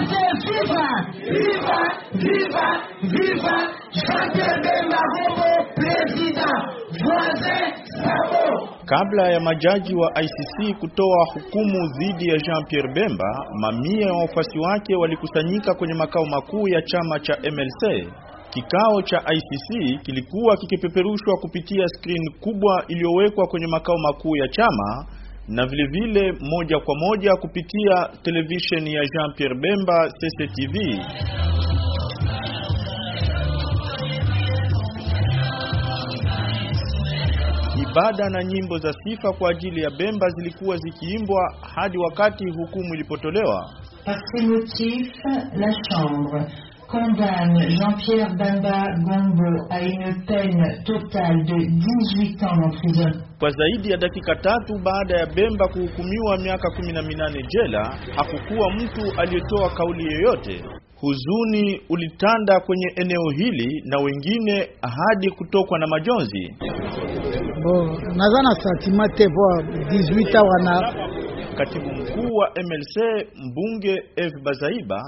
Viva, viva, viva, viva, voisin Sabo. Kabla ya majaji wa ICC kutoa hukumu dhidi ya Jean-Pierre Bemba, mamia ya wafuasi wake walikusanyika kwenye makao makuu ya chama cha MLC. Kikao cha ICC kilikuwa kikipeperushwa kupitia skrini kubwa iliyowekwa kwenye makao makuu ya chama na vile vile moja kwa moja kupitia televisheni ya Jean Pierre Bemba CCTV. Ibada na nyimbo za sifa kwa ajili ya Bemba zilikuwa zikiimbwa hadi wakati hukumu ilipotolewa. Par ces motifs, la chambre condamne Jean-Pierre Bamba Gombo à une peine totale de 18 ans d'emprisonnement. Kwa zaidi ya dakika tatu baada ya Bemba kuhukumiwa miaka 18 jela, hakukuwa mtu aliyetoa kauli yoyote. Huzuni ulitanda kwenye eneo hili na wengine hadi kutokwa na majonzi. Bo, nazana sentiment te voir 18 wana Katibu mkuu wa MLC mbunge F Bazaiba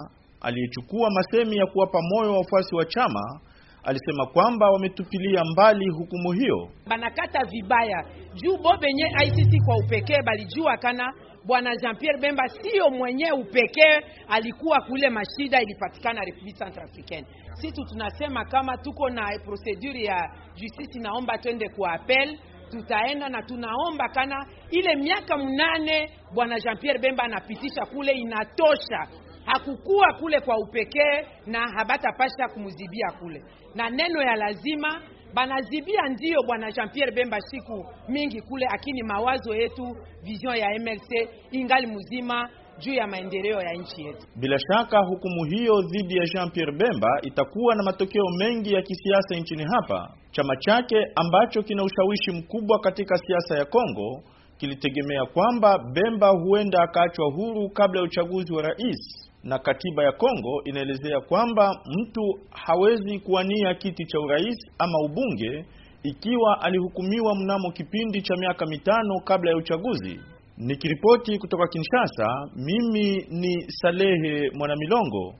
aliyechukua masemi ya kuwapa moyo wafuasi wa chama alisema kwamba wametupilia mbali hukumu hiyo, banakata vibaya juu bo benye ICC kwa upekee balijua kana bwana Jean Pierre Bemba sio mwenye upekee alikuwa kule, mashida ilipatikana Republique Centrafricaine. Sisi tunasema kama tuko na procedure ya justice, naomba twende kwa appel tutaenda na tunaomba kana ile miaka mnane bwana Jean Pierre Bemba anapitisha kule inatosha akukua kule kwa upekee na habatapasha kumuzibia kule, na neno ya lazima banazibia ndiyo bwana Jean Pierre Bemba siku mingi kule, lakini mawazo yetu vision ya MLC ingali mzima juu ya maendeleo ya nchi yetu. Bila shaka hukumu hiyo dhidi ya Jean Pierre Bemba itakuwa na matokeo mengi ya kisiasa nchini hapa. Chama chake ambacho kina ushawishi mkubwa katika siasa ya Kongo kilitegemea kwamba Bemba huenda akaachwa huru kabla ya uchaguzi wa rais na katiba ya Kongo inaelezea kwamba mtu hawezi kuwania kiti cha urais ama ubunge ikiwa alihukumiwa mnamo kipindi cha miaka mitano kabla ya uchaguzi. Nikiripoti kutoka Kinshasa, mimi ni Salehe Mwanamilongo.